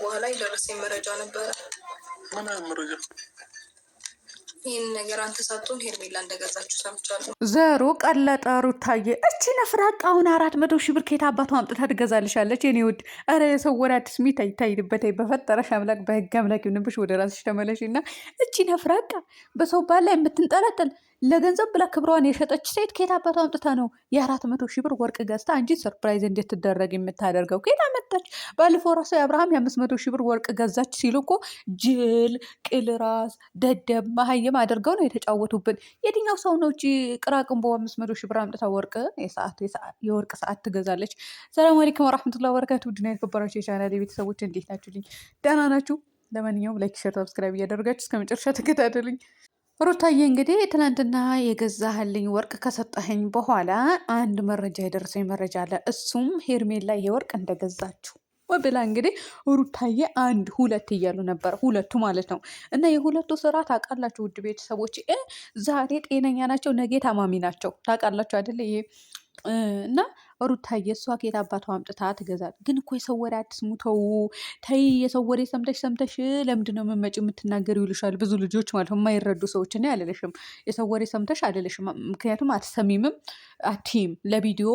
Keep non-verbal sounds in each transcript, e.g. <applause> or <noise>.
በኋላ የደረሰኝ መረጃ ነበረ። ምን መረጃ? ይህን ነገር አንተ ሳትሆን ሄርሜላ እንደገዛችሁ ሰምቻለሁ። ዘሩ ቀለጠ። ሩታዬ እቺ ነፍራቅ አሁን አራት መቶ ሺህ ብር ከየት አባቷ አምጥታ ትገዛልሻለች? የኔ ውድ ረ የሰው ወደ አዲስ ሚት ይታይልበት። በፈጠረሽ አምላክ በህግ አምላክ ይሁንብሽ። ወደ ራስሽ ተመለሽ እና እቺ ነፍራቃ በሰው ባል ላይ የምትንጠለጠል ለገንዘብ ብላ ክብሯን የሸጠች ሴት ከየት አባቷ አምጥታ ነው የአራት መቶ ሺህ ብር ወርቅ ገዝታ አንቺን ሰርፕራይዝ እንድትደረግ የምታደርገው? ከየት አመጣች? ባለፈው ራሱ የአብርሃም የአምስት መቶ ሺህ ብር ወርቅ ገዛች ሲሉ እኮ ጅል፣ ቅልራስ፣ ደደብ፣ መሀይም አድርገው ነው የተጫወቱብን። የትኛው ሰው ነው እቺ ቅራቅንቦ አምስት መቶ ሺህ ብር አምጥታ ወርቅ የወርቅ ሰዓት ትገዛለች? ሰላም አለይኩም ወራህመቱላ ወበረካቱ። ውድና የተከበራችሁ የቻናል የቤተሰቦች እንዴት ናችሁልኝ? ደህና ናችሁ? ለማንኛውም ላይክ፣ ሸር፣ ሰብስክራይብ እያደረጋችሁ እስከ መጨረሻ ተከታተሉኝ። ሩታዬ እንግዲህ ትናንትና የገዛህልኝ ወርቅ ከሰጠኸኝ በኋላ አንድ መረጃ የደረሰኝ መረጃ አለ። እሱም ሄርሜላ ይሄ ወርቅ እንደገዛችሁ ብላ እንግዲህ ሩታዬ አንድ ሁለት እያሉ ነበር፣ ሁለቱ ማለት ነው። እና የሁለቱ ስራ ታውቃላችሁ፣ ውድ ቤተሰቦች ዛሬ ጤነኛ ናቸው፣ ነገ ታማሚ ናቸው። ታውቃላችሁ አይደለ? ይሄ እና ሩታ የእሷ ከየት አባቷ አምጥታ ትገዛል? ግን እኮ የሰው ወሬ አትስሙ፣ ተው ተይ። የሰው ወሬ ሰምተሽ ሰምተሽ ለምንድን ነው የምመጪ የምትናገር ይሉሻል ብዙ ልጆች ማለት የማይረዱ ሰዎች። እኔ አልልሽም የሰው ወሬ ሰምተሽ አልልሽም፣ ምክንያቱም አትሰሚምም አቲም ለቪዲዮ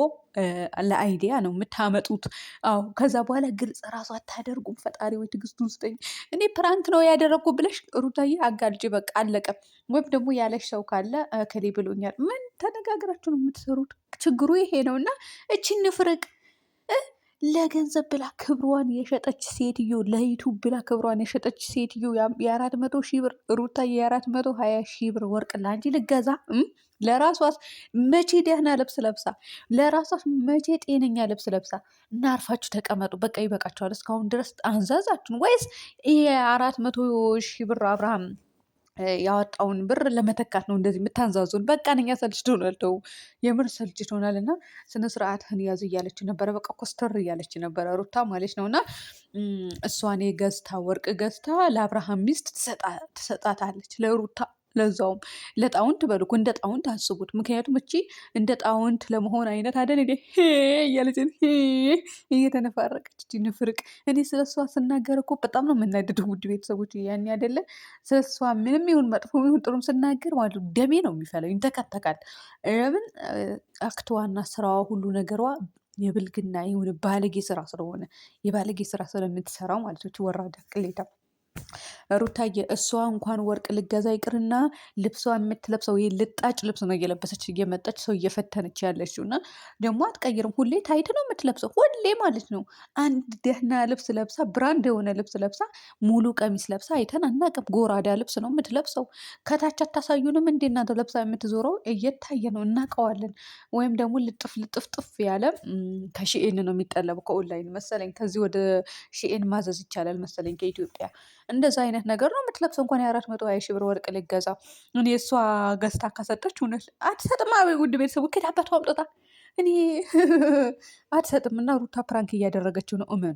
ለአይዲያ ነው የምታመጡት። አዎ ከዛ በኋላ ግልጽ ራሱ አታደርጉም። ፈጣሪ ወይ ትዕግስቱን ስጠኝ። እኔ ፕራንክ ነው ያደረግኩ ብለሽ ሩታዬ አጋልጭ፣ በቃ አለቀ። ወይም ደግሞ ያለሽ ሰው ካለ ከሌ ብሎኛል። ምን ተነጋግራችሁ ነው የምትሰሩት? ችግሩ ይሄ ነው እና እቺ ንፍርቅ ለገንዘብ ብላ ክብሯን የሸጠች ሴትዮ ለዩቱ ብላ ክብሯን የሸጠች ሴትዮ የአራት መቶ ሺህ ብር ሩታ የአራት መቶ ሀያ ሺህ ብር ወርቅ ለአንቺ ልገዛ ለራሷስ መቼ ደህና ልብስ ለብሳ ለራሷስ መቼ ጤነኛ ልብስ ለብሳ እናርፋችሁ ተቀመጡ። በቃ ይበቃችኋል። እስካሁን ድረስ አንዛዛችሁን ወይስ ይሄ አራት መቶ ሺህ ብር አብርሃም ያወጣውን ብር ለመተካት ነው እንደዚህ የምታንዛዙን። በቃ ነኛ ሰልጅ ትሆናል ደው የምር ሰልጅ ትሆናል። እና ስነ ስርዓትህን ያዙ እያለች ነበረ። በቃ ኮስተር እያለች ነበረ ሩታ ማለች ነው። እና እሷኔ ገዝታ ወርቅ ገዝታ ለአብርሃም ሚስት ትሰጣታለች ለሩታ ለዛውም ለጣውንት በሉ እንደ ጣውንት አስቡት። ምክንያቱም እቺ እንደ ጣውንት ለመሆን አይነት አደን እ እያለች እየተነፋረቀች ንፍርቅ። እኔ ስለሷ ስናገር እኮ በጣም ነው የምናደደው ውድ ቤተሰቦች። ያኔ አደለ ስለሷ ምንም ይሁን መጥፎ ይሁን ጥሩም ስናገር ማለት ደሜ ነው የሚፈለው፣ ይንተከተካል። ምን አክትዋና ስራዋ ሁሉ ነገሯ የብልግና የሆነ ባለጌ ስራ ስለሆነ የባለጌ ስራ ስለምትሰራው ማለት ነው። ወራዳ ቅሌታ ሩታዬ እሷ እንኳን ወርቅ ልገዛ ይቅርና ልብሷ የምትለብሰው ልጣጭ ልብስ ነው እየለበሰች እየመጣች ሰው እየፈተነች ያለችው እና ደግሞ አትቀይርም። ሁሌ ታይት ነው የምትለብሰው፣ ሁሌ ማለት ነው። አንድ ደህና ልብስ ለብሳ፣ ብራንድ የሆነ ልብስ ለብሳ፣ ሙሉ ቀሚስ ለብሳ አይተን አናውቅም። ጎራዳ ልብስ ነው የምትለብሰው። ከታች አታሳዩንም? እንዴናተ ለብሳ የምትዞረው እየታየ ነው፣ እናውቀዋለን። ወይም ደግሞ ልጥፍ ጥፍ ያለ ከሺኤን ነው የሚጠለበው ከኦንላይን መሰለኝ። ከዚህ ወደ ሺኤን ማዘዝ ይቻላል መሰለኝ ከኢትዮጵያ እንደዛ አይነት ነገር ነው የምትለብሰው። እንኳን የአራት መቶ ሀያ ሺህ ብር ወርቅ ልገዛ እኔ እሷ ገዝታ ካሰጠች እውነት አትሰጥም። ውድ ቤተሰቡ ከዳባቱ አምጦታ እኔ <laughs> አትሰጥም። እና ሩታ ፕራንክ እያደረገችው ነው። እመኑ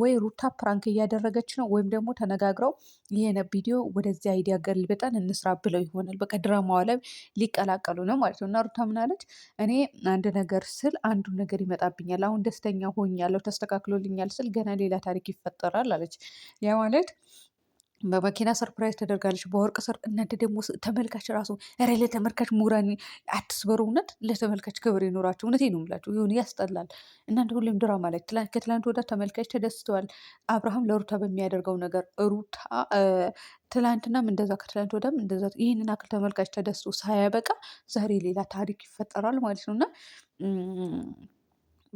ወይ ሩታ ፕራንክ እያደረገች ነው፣ ወይም ደግሞ ተነጋግረው ይሄን ቪዲዮ ወደዚህ አይዲያ ገልብጠን እንስራ ብለው ይሆናል። በቃ ድራማዋ ላይ ሊቀላቀሉ ነው ማለት ነው። እና ሩታ ምናለች? እኔ አንድ ነገር ስል አንዱ ነገር ይመጣብኛል። አሁን ደስተኛ ሆኛለሁ፣ ተስተካክሎልኛል ስል ገና ሌላ ታሪክ ይፈጠራል አለች። ያ ማለት በመኪና ሰርፕራይዝ ተደርጋለች። በወርቅ ሰር እናንተ ደግሞ ተመልካች ራሱ ረ ለተመልካች ሙራኒ አትስበሩ። እውነት ለተመልካች ክብር ይኖራቸው። እውነት ነው የምላቸው። ይሁን ያስጠላል። እናንተ ሁሌም ድራማ ላይ ከትላንት ወዳ ተመልካች ተደስተዋል። አብርሃም ለሩታ በሚያደርገው ነገር ሩታ ትላንትናም እንደዛ ከትላንት ወዳም እንደዛ ይህንን አክል ተመልካች ተደስቶ ሳያበቃ ዛሬ ሌላ ታሪክ ይፈጠራል ማለት ነው እና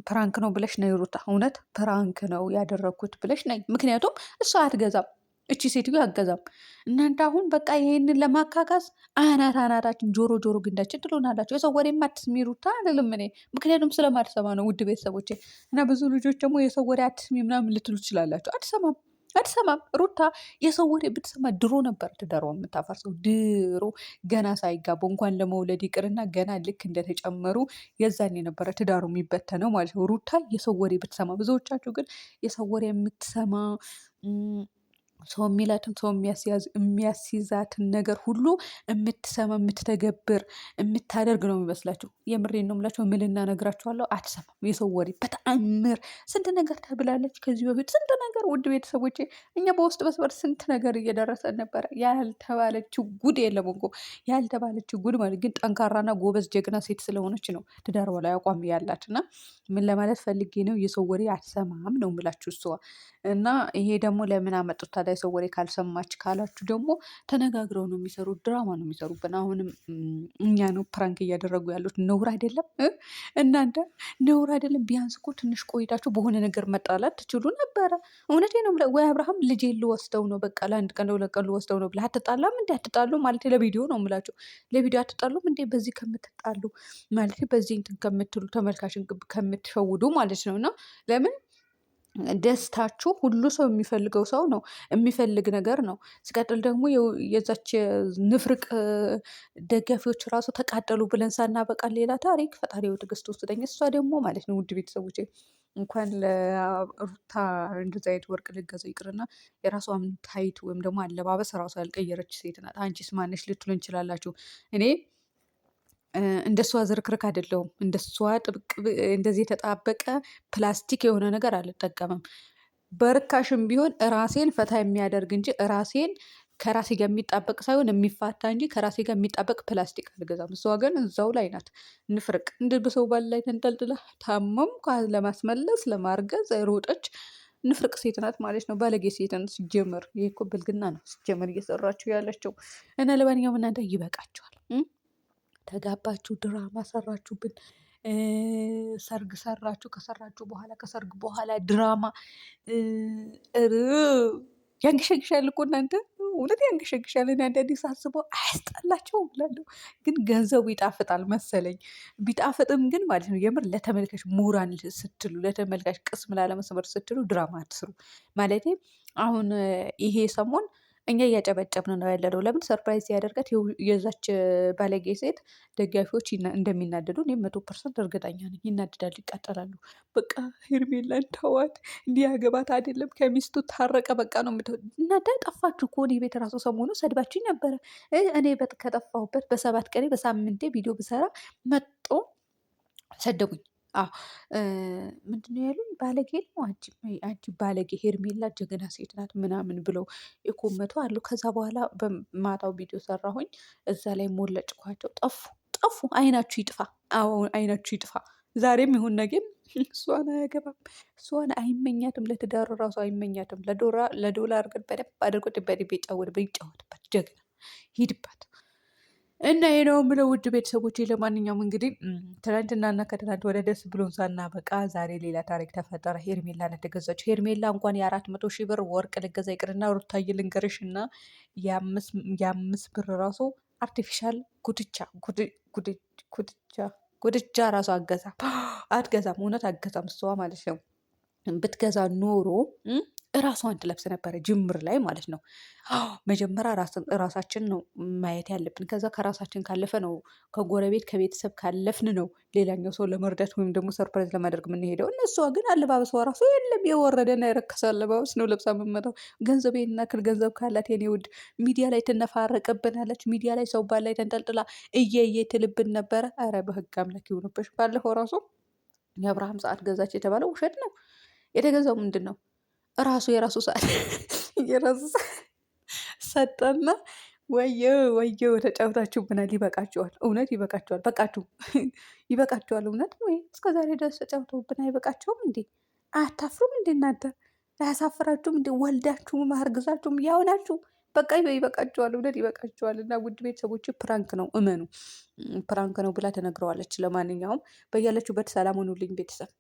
ፕራንክ ነው ብለሽ ነይ ሩታ፣ እውነት ፕራንክ ነው ያደረግኩት ብለሽ ነይ። ምክንያቱም እሷ አትገዛም እቺ ሴትዮ አገዛም። እናንተ አሁን በቃ ይሄንን ለማካካስ አናት አናታችን ጆሮ ጆሮ ግንዳችን ትልሆናላችሁ። የሰው ወሬም አትስሚ ሩታ አልልም እኔ ምክንያቱም ስለማልሰማ ነው። ውድ ቤተሰቦቼ እና ብዙ ልጆች ደግሞ የሰው ወሬ አትስሚ ምናምን ልትሉ ትችላላችሁ። አትሰማም አትሰማም ሩታ የሰው ወሬ ብትሰማ ድሮ ነበር ትዳሯ የምታፈርሰው። ድሮ ገና ሳይጋቡ እንኳን ለመውለድ ይቅርና ገና ልክ እንደተጨመሩ የዛኔ ነበረ ትዳሩ የሚበተነው ማለት ነው። ሩታ የሰው ወሬ ብትሰማ። ብዙዎቻችሁ ግን የሰው ወሬ የምትሰማ ሰው የሚላትን ሰው የሚያስይዛትን ነገር ሁሉ የምትሰማ የምትተገብር የምታደርግ ነው የሚመስላቸው። የምሬ ነው የምላቸው። ምልና ነግራችኋለሁ፣ አትሰማም የሰው ወሬ በተአምር። ስንት ነገር ተብላለች ከዚህ በፊት ስንት ነገር። ውድ ቤተሰቦች፣ እኛ በውስጥ መስበር ስንት ነገር እየደረሰ ነበረ። ያልተባለች ጉድ የለም እኮ ጉድ ማለት ግን ጠንካራና ጎበዝ ጀግና ሴት ስለሆነች ነው ትዳር በላይ አቋም ያላት እና ምን ለማለት ፈልጌ ነው የሰው ወሬ አትሰማም ነው የምላችሁ እሷ እና ይሄ ደግሞ ለምን አመጡት ታዲያ ሰው ወሬ ካልሰማች ካላችሁ ደግሞ ተነጋግረው ነው የሚሰሩ፣ ድራማ ነው የሚሰሩብን። አሁንም እኛ ነው ፕራንክ እያደረጉ ያሉት። ነውር አይደለም እናንተ? ነውር አይደለም? ቢያንስ እኮ ትንሽ ቆይታችሁ በሆነ ነገር መጣላት ትችሉ ነበረ። እውነቴ ነው። ወይ አብርሃም ልጄ ልወስደው ነው በቃ ለአንድ ቀን ለሁለት ቀን ልወስደው ነው ብለህ አትጣላም እንዴ? አትጣሉ ማለት ለቪዲዮ ነው የምላቸው። ለቪዲዮ አትጣሉም እንዴ? በዚህ ከምትጣሉ ማለት በዚህ እንትን ከምትሉ ተመልካችን ከምትሸውዱ ማለት ነው እና ለምን ደስታችሁ ሁሉ ሰው የሚፈልገው ሰው ነው የሚፈልግ ነገር ነው። ሲቀጥል ደግሞ የዛች ንፍርቅ ደጋፊዎች ራሱ ተቃጠሉ ብለን ሳናበቃ ሌላ ታሪክ። ፈጣሪ በትዕግስት ውስጠኝ። እሷ ደግሞ ማለት ነው ውድ ቤተሰቦቼ እንኳን ለሩታ እንደዚህ አይነት ወርቅ ልገዛው ይቅርና የራሷም ታይቱ ወይም ደግሞ አለባበስ ራሷ ያልቀየረች ሴት ናት። አንቺስ ማነሽ ልትሉ እንችላላችሁ እኔ እንደሷ ዝርክርክ አይደለሁም። እንደሷ ጥብቅ እንደዚህ የተጣበቀ ፕላስቲክ የሆነ ነገር አልጠቀምም። በርካሽም ቢሆን ራሴን ፈታ የሚያደርግ እንጂ ራሴን ከራሴ ጋር የሚጣበቅ ሳይሆን የሚፋታ እንጂ ከራሴ ጋር የሚጣበቅ ፕላስቲክ አልገዛም። እሷ ግን እዛው ላይ ናት። ንፍርቅ እንድብ በሰው ባል ላይ ተንጠልጥላ ታመም ለማስመለስ ለማርገዝ ሮጠች። ንፍርቅ ሴት ናት ማለት ነው። ባለጌ ሴት ናት ሲጀመር። ይህ እኮ ብልግና ነው ሲጀመር እየሰራችሁ ያለችው እና ለማንኛውም እናንተ ይበቃችኋል። ተጋባችሁ ድራማ ሰራችሁብን። ሰርግ ሰራችሁ ከሰራችሁ በኋላ ከሰርግ በኋላ ድራማ ያንገሸግሻል እኮ እናንተ እውነት ያንገሸግሻል። እኔ አንዳንዴ ሳስበው አያስጠላቸውም ብላለሁ፣ ግን ገንዘቡ ይጣፍጣል መሰለኝ። ቢጣፍጥም ግን ማለት ነው የምር ለተመልካች ምሁራን ስትሉ፣ ለተመልካች ቅስም ላለመስመር ስትሉ ድራማ አትስሩ ማለት አሁን ይሄ ሰሞን እኛ እያጨበጨብን ነው ያለነው። ለምን ሰርፕራይዝ ያደርጋት የዛች ባለጌ ሴት ደጋፊዎች እንደሚናደዱ እኔም መቶ ፐርሰንት እርግጠኛ ነኝ። ይናደዳል፣ ይቃጠላሉ። በቃ ሄርሜላን ተዋት፣ እንዲህ ያገባት አይደለም ከሚስቱ ታረቀ በቃ ነው የምት እናንተ ጠፋችሁ እኮ እኔ ቤት ራሱ ሰሞኑ ሰድባችኝ ነበረ። እኔ ከጠፋሁበት በሰባት ቀኔ በሳምንቴ ቪዲዮ ብሰራ መጦ ሰደቡኝ። አዎ ምንድነው ያሉኝ ባለጌ ነው አንቺ ባለጌ ሄርሜላ ጀግና ሴት ናት ምናምን ብለው የኮመቱ አሉ። ከዛ በኋላ በማታው ቪዲዮ ሰራሁኝ እዛ ላይ ሞለጭኳቸው። ጠፉ ጠፉ። አይናችሁ ይጥፋ። አዎ አይናችሁ ይጥፋ። ዛሬም ይሁን ነገም <laughs> እሷን አያገባም። እሷን አይመኛትም። ለትዳሩ ራሱ አይመኛትም። ለዶላር ግን በደንብ አድርጎ ድበድቤ ይጫወትበት ይጫወትበት። ጀግና ሂድባት። እና ይሄ ነው የምለው ውድ ቤተሰቦች። ለማንኛውም እንግዲህ ትናንትና ትናንትናና ከትናንት ወደ ደስ ብሎን ሳናበቃ ዛሬ ሌላ ታሪክ ተፈጠረ። ሄርሜላ ነው የተገዛችው። ሄርሜላ እንኳን የአራት መቶ ሺህ ብር ወርቅ ልገዛ ይቅርና ሩታዬ ልንገርሽ እና የአምስት ብር ራሱ አርቲፊሻል ጉድቻ ጉድቻ ጉድቻ ራሱ አገዛ አትገዛም፣ እውነት አገዛም። እሷ ማለት ነው ብትገዛ ኖሮ ራሷን ትለብስ ነበረ ጅምር ላይ ማለት ነው። መጀመሪያ ራሳችን ነው ማየት ያለብን። ከዛ ከራሳችን ካለፈ ነው ከጎረቤት ከቤተሰብ ካለፍን ነው ሌላኛው ሰው ለመርዳት ወይም ደግሞ ሰርፕራይዝ ለማድረግ የምንሄደው። እነሷ ግን አለባበሷ ራሱ የለም የወረደና የረከሰ አለባበስ ነው ለብሳ የምመጣው። ገንዘብ ናክል ገንዘብ ካላት የኔ ውድ ሚዲያ ላይ ትነፋረቅብናለች። ሚዲያ ላይ ሰው ባል ላይ ተንጠልጥላ እየየ ትልብን ነበረ። ኧረ በህግ አምላክ ይሁንብሽ። ባለፈው ራሱ የአብርሃም ሰዓት ገዛች የተባለው ውሸት ነው። የተገዛው ምንድን ነው? ራሱ የራሱ ሰዓት <laughs> የራሱ ሰጠና ወየ ወየ ብናል ይበቃችኋል፣ እውነት ይበቃችኋል። በቃችሁ፣ <laughs> ይበቃችኋል። እውነት ወይ እስከ ዛሬ ድረስ ብና አይበቃቸውም እንዴ? አታፍሩም እንዴ እናንተ? አያሳፍራችሁም እንዴ? ወልዳችሁም አርግዛችሁም ያው በቃ ይበቃችኋል፣ እውነት ይበቃችኋል። እና ውድ ቤተሰቦች ፕራንክ ነው እመኑ፣ ፕራንክ ነው ብላ ተነግረዋለች። ለማንኛውም በያለችሁበት ሰላም ሆኑልኝ ቤተሰብ።